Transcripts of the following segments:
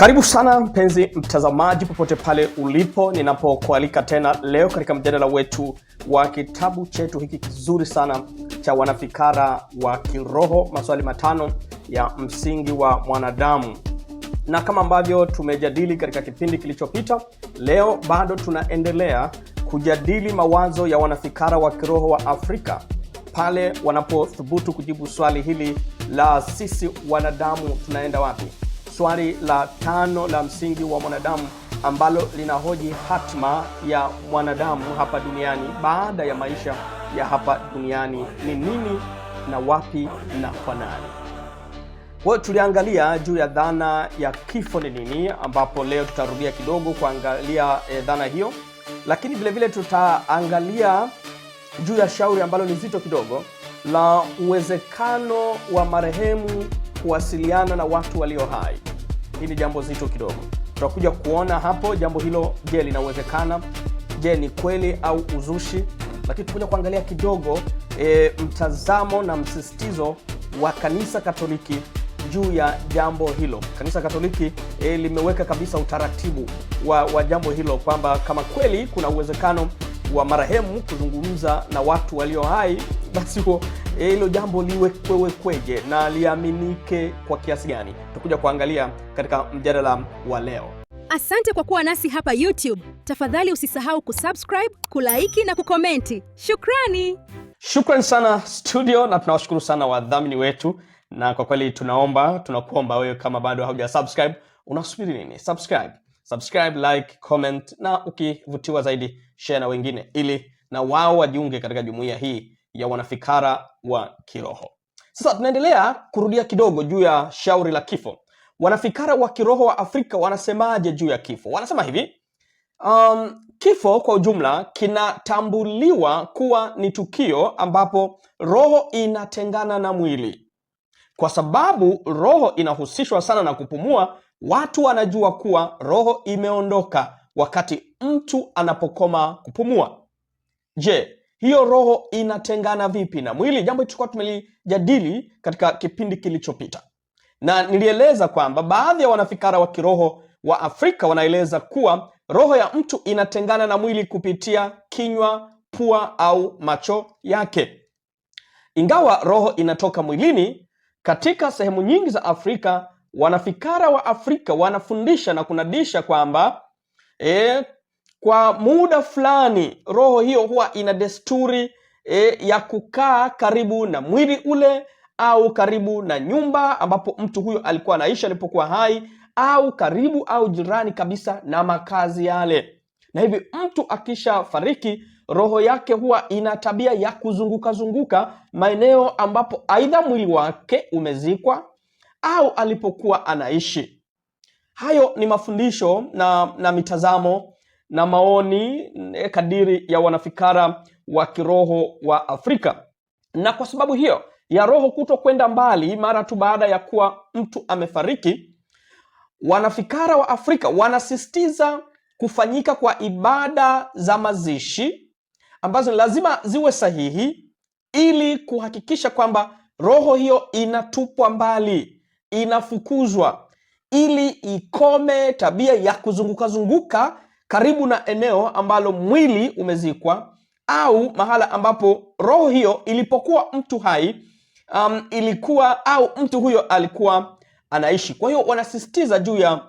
Karibu sana mpenzi mtazamaji, popote pale ulipo, ninapokualika tena leo katika mjadala wetu wa kitabu chetu hiki kizuri sana cha Wanafikara wa Kiroho, maswali matano ya msingi wa mwanadamu. Na kama ambavyo tumejadili katika kipindi kilichopita, leo bado tunaendelea kujadili mawazo ya wanafikara wa kiroho wa Afrika pale wanapothubutu kujibu swali hili la sisi wanadamu tunaenda wapi? swali la tano la msingi wa mwanadamu ambalo linahoji hatma ya mwanadamu hapa duniani baada ya maisha ya hapa duniani ni nini na wapi na kwa nani. Kwa hiyo tuliangalia juu ya dhana ya kifo ni nini, ambapo leo tutarudia kidogo kuangalia eh, dhana hiyo, lakini vilevile tutaangalia juu ya shauri ambalo ni zito kidogo la uwezekano wa marehemu kuwasiliana na watu walio hai hili jambo zito kidogo. Tutakuja kuona hapo jambo hilo, je, linawezekana? Je, ni kweli au uzushi? Lakini tutakuja kuangalia kidogo e, mtazamo na msisitizo wa kanisa Katoliki juu ya jambo hilo. Kanisa Katoliki e, limeweka kabisa utaratibu wa, wa jambo hilo kwamba kama kweli kuna uwezekano wa marehemu kuzungumza na watu walio hai, basi huo Eh, hilo jambo liwekwewekweje na liaminike kwa kiasi gani? Tutakuja kuangalia katika mjadala wa leo. Asante kwa kuwa nasi hapa YouTube. Tafadhali usisahau kusubscribe, kulaiki na kukomenti. Shukrani, shukrani sana studio, na tunawashukuru sana wadhamini wetu, na kwa kweli tunaomba tunakuomba wewe kama bado hauja subscribe, unasubiri nini? Subscribe, subscribe, like, comment na ukivutiwa zaidi share na wengine, ili na wao wajiunge katika jumuiya hii ya wanafikara wa kiroho. Sasa tunaendelea kurudia kidogo juu ya shauri la kifo. Wanafikara wa kiroho wa Afrika wanasemaje juu ya kifo? Wanasema hivi um, kifo kwa ujumla kinatambuliwa kuwa ni tukio ambapo roho inatengana na mwili. Kwa sababu roho inahusishwa sana na kupumua, watu wanajua kuwa roho imeondoka wakati mtu anapokoma kupumua. Je, hiyo roho inatengana vipi na mwili, jambo tulikuwa tumelijadili katika kipindi kilichopita, na nilieleza kwamba baadhi ya wanafikara wa kiroho wa Afrika wanaeleza kuwa roho ya mtu inatengana na mwili kupitia kinywa, pua au macho yake. Ingawa roho inatoka mwilini, katika sehemu nyingi za Afrika wanafikara wa Afrika wanafundisha na kunadisha kwamba e, kwa muda fulani roho hiyo huwa ina desturi e, ya kukaa karibu na mwili ule au karibu na nyumba ambapo mtu huyo alikuwa anaishi alipokuwa hai au karibu au jirani kabisa na makazi yale. Na hivi mtu akisha fariki roho yake huwa ina tabia ya kuzunguka zunguka maeneo ambapo aidha mwili wake umezikwa au alipokuwa anaishi. Hayo ni mafundisho na, na mitazamo na maoni eh, kadiri ya wanafikara wa kiroho wa Afrika. Na kwa sababu hiyo ya roho kuto kwenda mbali mara tu baada ya kuwa mtu amefariki, wanafikara wa Afrika wanasisitiza kufanyika kwa ibada za mazishi ambazo lazima ziwe sahihi ili kuhakikisha kwamba roho hiyo inatupwa mbali, inafukuzwa ili ikome tabia ya kuzunguka zunguka karibu na eneo ambalo mwili umezikwa au mahala ambapo roho hiyo ilipokuwa mtu hai um, ilikuwa au mtu huyo alikuwa anaishi. Kwa hiyo wanasisitiza juu ya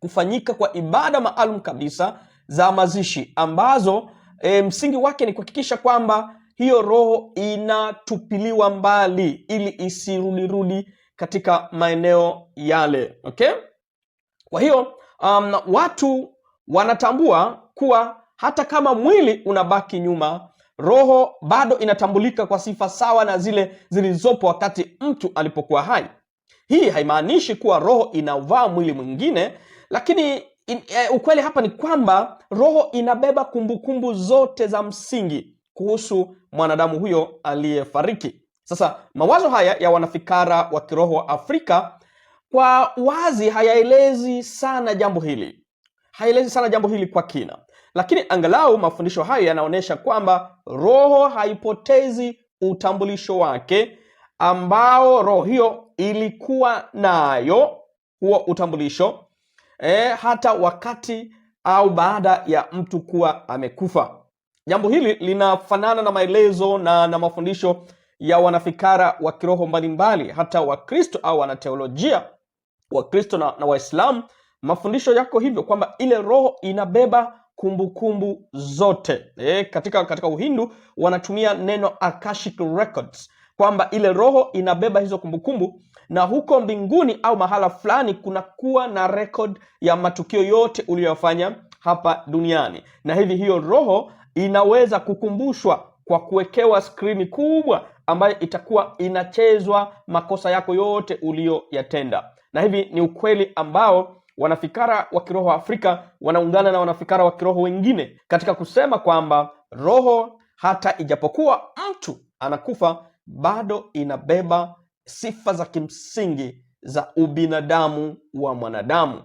kufanyika kwa ibada maalum kabisa za mazishi ambazo e, msingi wake ni kuhakikisha kwamba hiyo roho inatupiliwa mbali ili isirudirudi katika maeneo yale, okay? Kwa hiyo um, watu wanatambua kuwa hata kama mwili unabaki nyuma, roho bado inatambulika kwa sifa sawa na zile zilizopo wakati mtu alipokuwa hai. Hii haimaanishi kuwa roho inavaa mwili mwingine, lakini in, e, ukweli hapa ni kwamba roho inabeba kumbukumbu kumbu zote za msingi kuhusu mwanadamu huyo aliyefariki. Sasa mawazo haya ya wanafikara wa kiroho wa Afrika kwa wazi hayaelezi sana jambo hili, haielezi sana jambo hili kwa kina, lakini angalau mafundisho hayo yanaonyesha kwamba roho haipotezi utambulisho wake ambao roho hiyo ilikuwa nayo, huo utambulisho e, hata wakati au baada ya mtu kuwa amekufa. Jambo hili linafanana na maelezo na, na mafundisho ya wanafikara wa kiroho mbalimbali, hata Wakristo au wanateolojia Wakristo na, na Waislamu Mafundisho yako hivyo kwamba ile roho inabeba kumbukumbu kumbu zote. E, katika, katika Uhindu wanatumia neno Akashic Records kwamba ile roho inabeba hizo kumbukumbu kumbu, na huko mbinguni au mahala fulani kunakuwa na record ya matukio yote uliyofanya hapa duniani, na hivi hiyo roho inaweza kukumbushwa kwa kuwekewa skrini kubwa ambayo itakuwa inachezwa makosa yako yote uliyoyatenda, na hivi ni ukweli ambao wanafikara wa kiroho wa Afrika wanaungana na wanafikara wa kiroho wengine katika kusema kwamba roho hata ijapokuwa mtu anakufa bado inabeba sifa za kimsingi za ubinadamu wa mwanadamu.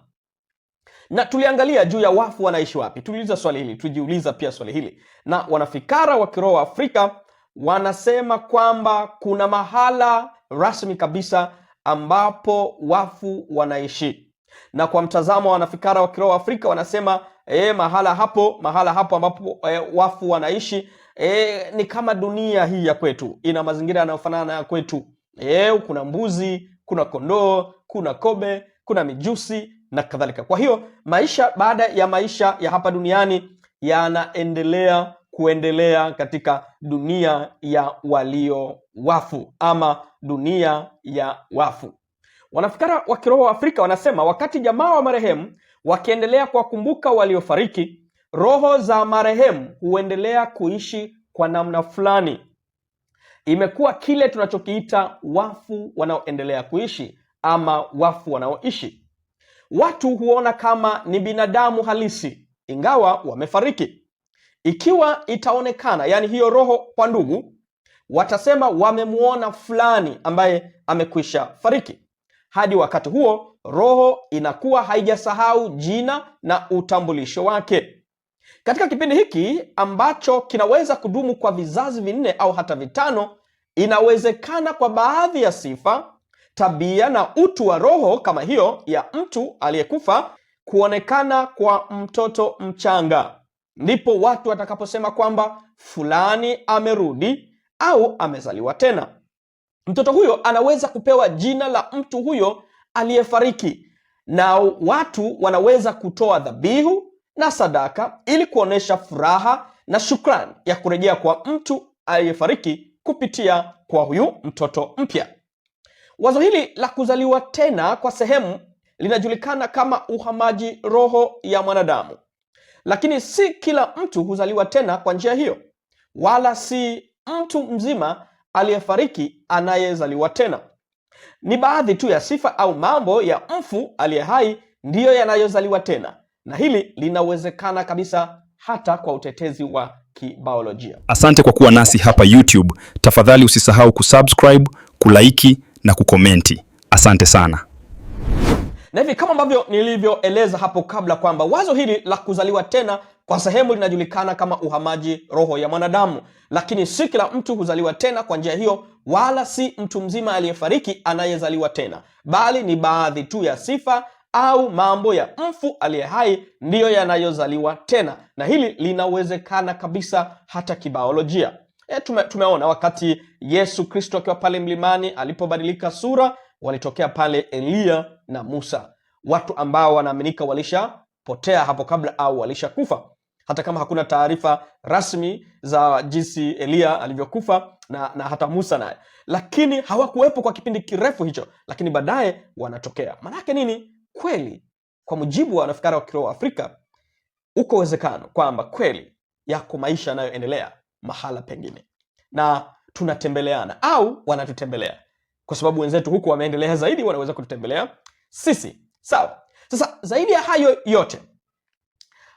Na tuliangalia juu ya wafu wanaishi wapi, tuliuliza swali hili, tujiuliza pia swali hili, na wanafikara wa kiroho wa Afrika wanasema kwamba kuna mahala rasmi kabisa ambapo wafu wanaishi na kwa mtazamo wa wanafikara wa kiroho Afrika wanasema e, mahala hapo mahala hapo ambapo e, wafu wanaishi e, ni kama dunia hii ya kwetu, ina mazingira yanayofanana ya kwetu e, kuna mbuzi, kuna kondoo, kuna kobe, kuna mijusi na kadhalika. Kwa hiyo maisha baada ya maisha ya hapa duniani yanaendelea kuendelea katika dunia ya walio wafu ama dunia ya wafu. Wanafikara wa kiroho wa Afrika wanasema wakati jamaa wa marehemu wakiendelea kuwakumbuka waliofariki, roho za marehemu huendelea kuishi kwa namna fulani. Imekuwa kile tunachokiita wafu wanaoendelea kuishi ama wafu wanaoishi. Watu huona kama ni binadamu halisi ingawa wamefariki. Ikiwa itaonekana, yaani hiyo roho kwa ndugu, watasema wamemwona fulani ambaye amekwisha fariki. Hadi wakati huo, roho inakuwa haijasahau jina na utambulisho wake. Katika kipindi hiki ambacho kinaweza kudumu kwa vizazi vinne au hata vitano, inawezekana kwa baadhi ya sifa, tabia na utu wa roho kama hiyo ya mtu aliyekufa kuonekana kwa mtoto mchanga. Ndipo watu watakaposema kwamba fulani amerudi au amezaliwa tena mtoto huyo anaweza kupewa jina la mtu huyo aliyefariki, na watu wanaweza kutoa dhabihu na sadaka ili kuonyesha furaha na shukrani ya kurejea kwa mtu aliyefariki kupitia kwa huyu mtoto mpya. Wazo hili la kuzaliwa tena kwa sehemu linajulikana kama uhamaji roho ya mwanadamu, lakini si kila mtu huzaliwa tena kwa njia hiyo, wala si mtu mzima aliyefariki anayezaliwa tena. Ni baadhi tu ya sifa au mambo ya mfu aliye hai ndiyo yanayozaliwa tena, na hili linawezekana kabisa hata kwa utetezi wa kibiolojia. Asante kwa kuwa nasi hapa YouTube. Tafadhali usisahau kusubscribe, kulaiki na kukomenti. Asante sana. Na hivi kama ambavyo nilivyoeleza hapo kabla kwamba wazo hili la kuzaliwa tena kwa sehemu linajulikana kama uhamaji roho ya mwanadamu, lakini si kila mtu huzaliwa tena kwa njia hiyo, wala si mtu mzima aliyefariki anayezaliwa tena, bali ni baadhi tu ya sifa au mambo ya mfu aliye hai ndiyo yanayozaliwa tena, na hili linawezekana kabisa hata kibaolojia. E, tume, tumeona wakati Yesu Kristo akiwa pale mlimani alipobadilika sura, walitokea pale Eliya na Musa, watu ambao wanaaminika walishapotea hapo kabla au walishakufa hata kama hakuna taarifa rasmi za jinsi Eliya alivyokufa na, na hata Musa naye, lakini hawakuwepo kwa kipindi kirefu hicho, lakini baadaye wanatokea. Maana yake nini? Kweli kwa mujibu wa wanafikara wa kiroho wa Afrika, uko uwezekano kwamba kweli yako maisha yanayoendelea mahala pengine na tunatembeleana au wanatutembelea, kwa sababu wenzetu huku wameendelea zaidi, wanaweza kututembelea sisi. Sawa. Sasa zaidi ya hayo yote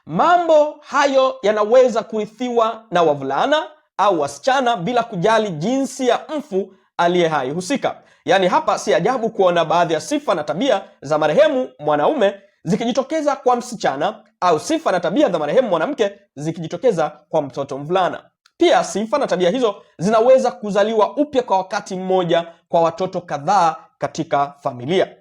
Mambo hayo yanaweza kurithiwa na wavulana au wasichana bila kujali jinsi ya mfu aliye hai husika. Yaani hapa si ajabu kuona baadhi ya sifa na tabia za marehemu mwanaume zikijitokeza kwa msichana au sifa na tabia za marehemu mwanamke zikijitokeza kwa mtoto mvulana. Pia sifa na tabia hizo zinaweza kuzaliwa upya kwa wakati mmoja kwa watoto kadhaa katika familia.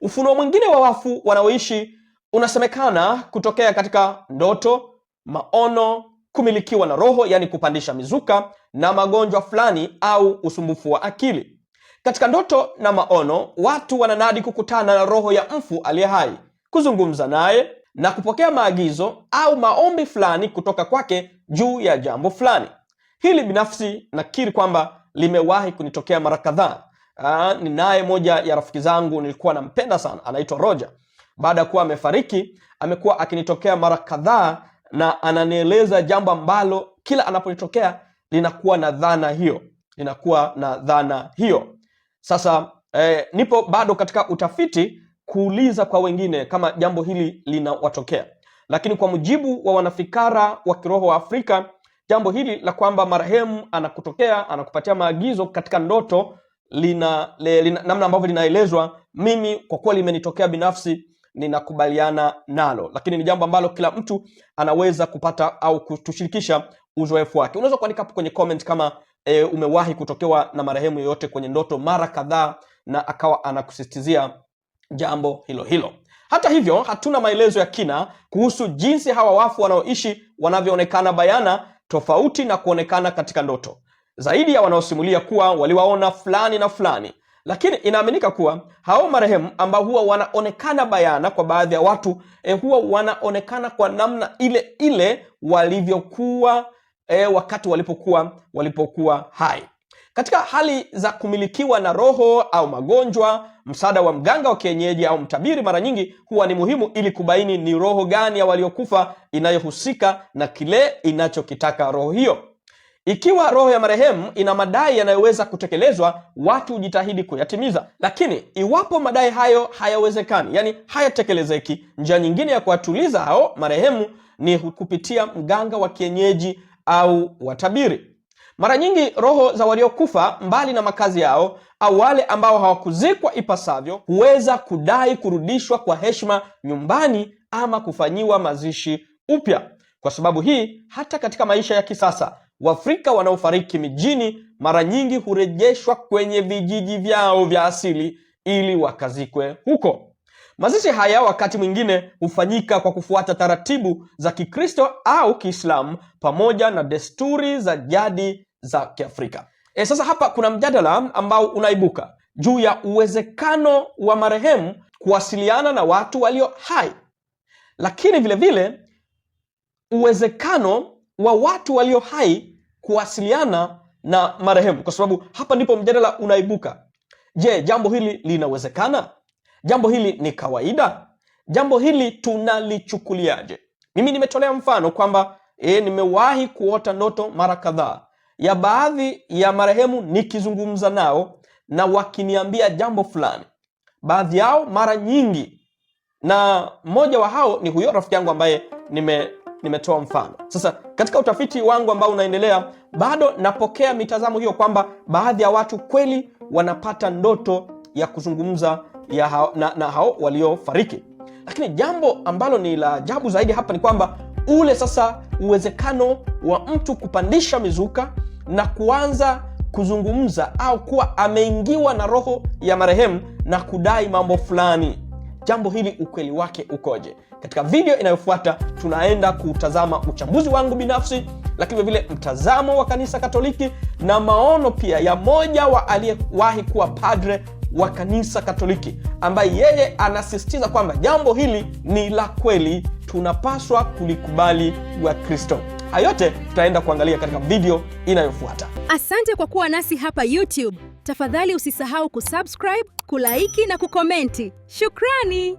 Ufunuo mwingine wa wafu wanaoishi unasemekana kutokea katika ndoto, maono, kumilikiwa na roho, yani kupandisha mizuka, na magonjwa fulani au usumbufu wa akili. Katika ndoto na maono, watu wananadi kukutana na roho ya mfu aliye hai, kuzungumza naye na kupokea maagizo au maombi fulani kutoka kwake juu ya jambo fulani. Hili binafsi nakiri kwamba limewahi kunitokea mara kadhaa. Ninaye moja ya rafiki zangu nilikuwa nampenda sana, anaitwa Roger baada ya kuwa amefariki, amekuwa akinitokea mara kadhaa na ananieleza jambo ambalo kila anaponitokea linakuwa na dhana hiyo, linakuwa na dhana hiyo. Sasa eh, nipo bado katika utafiti kuuliza kwa wengine kama jambo hili linawatokea, lakini kwa mujibu wa wanafikara wa kiroho wa Afrika, jambo hili la kwamba marehemu anakutokea anakupatia maagizo katika ndoto lina, le, lina namna ambavyo linaelezwa, mimi kwa kuwa limenitokea binafsi ninakubaliana nalo, lakini ni jambo ambalo kila mtu anaweza kupata au kutushirikisha uzoefu wake. Unaweza kuandika hapo kwenye comment kama e, umewahi kutokewa na marehemu yoyote kwenye ndoto mara kadhaa na akawa anakusisitizia jambo hilo hilo. Hata hivyo, hatuna maelezo ya kina kuhusu jinsi hawa wafu wanaoishi wanavyoonekana bayana tofauti na kuonekana katika ndoto, zaidi ya wanaosimulia kuwa waliwaona fulani na fulani lakini inaaminika kuwa hao marehemu ambao huwa wanaonekana bayana kwa baadhi ya watu e, huwa wanaonekana kwa namna ile ile walivyokuwa e, wakati walipokuwa walipokuwa hai. Katika hali za kumilikiwa na roho au magonjwa, msaada wa mganga wa kienyeji au mtabiri mara nyingi huwa ni muhimu ili kubaini ni roho gani ya waliokufa inayohusika na kile inachokitaka roho hiyo. Ikiwa roho ya marehemu ina madai yanayoweza kutekelezwa, watu hujitahidi kuyatimiza, lakini iwapo madai hayo hayawezekani, yani hayatekelezeki, njia nyingine ya kuwatuliza hao marehemu ni kupitia mganga wa kienyeji au watabiri. Mara nyingi roho za waliokufa mbali na makazi yao au wale ambao hawakuzikwa ipasavyo huweza kudai kurudishwa kwa heshima nyumbani ama kufanyiwa mazishi upya. Kwa sababu hii, hata katika maisha ya kisasa Waafrika wanaofariki mijini mara nyingi hurejeshwa kwenye vijiji vyao vya asili ili wakazikwe huko. Mazishi haya wakati mwingine hufanyika kwa kufuata taratibu za Kikristo au Kiislamu pamoja na desturi za jadi za Kiafrika. E, sasa hapa kuna mjadala ambao unaibuka juu ya uwezekano wa marehemu kuwasiliana na watu walio hai, lakini vilevile vile, uwezekano wa watu walio hai kuwasiliana na marehemu, kwa sababu hapa ndipo mjadala unaibuka. Je, jambo hili linawezekana? Jambo hili ni kawaida? Jambo hili tunalichukuliaje? Mimi nimetolea mfano kwamba e, nimewahi kuota ndoto mara kadhaa ya baadhi ya marehemu nikizungumza nao na wakiniambia jambo fulani, baadhi yao mara nyingi, na mmoja wa hao ni huyo rafiki yangu ambaye nime nimetoa mfano. Sasa katika utafiti wangu ambao unaendelea, bado napokea mitazamo hiyo kwamba baadhi ya watu kweli wanapata ndoto ya kuzungumza ya hao, na, na hao waliofariki, lakini jambo ambalo ni la ajabu zaidi hapa ni kwamba ule sasa uwezekano wa mtu kupandisha mizuka na kuanza kuzungumza au kuwa ameingiwa na roho ya marehemu na kudai mambo fulani jambo hili ukweli wake ukoje. Katika video inayofuata tunaenda kutazama uchambuzi wangu binafsi, lakini vile vile mtazamo wa kanisa Katoliki na maono pia ya moja wa aliyewahi kuwa padre wa kanisa Katoliki ambaye yeye anasisitiza kwamba jambo hili ni la kweli, tunapaswa kulikubali wa Kristo. Hayote tutaenda kuangalia katika video inayofuata. Asante kwa kuwa nasi hapa YouTube. Tafadhali usisahau kusubscribe, kulaiki na kukomenti. Shukrani.